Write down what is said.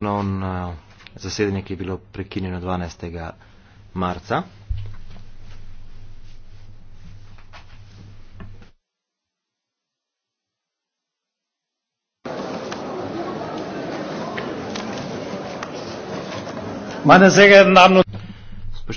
ponovno zasedanje, ki je bilo prekinjeno 12. marca. Meine sehr geehrten Damen und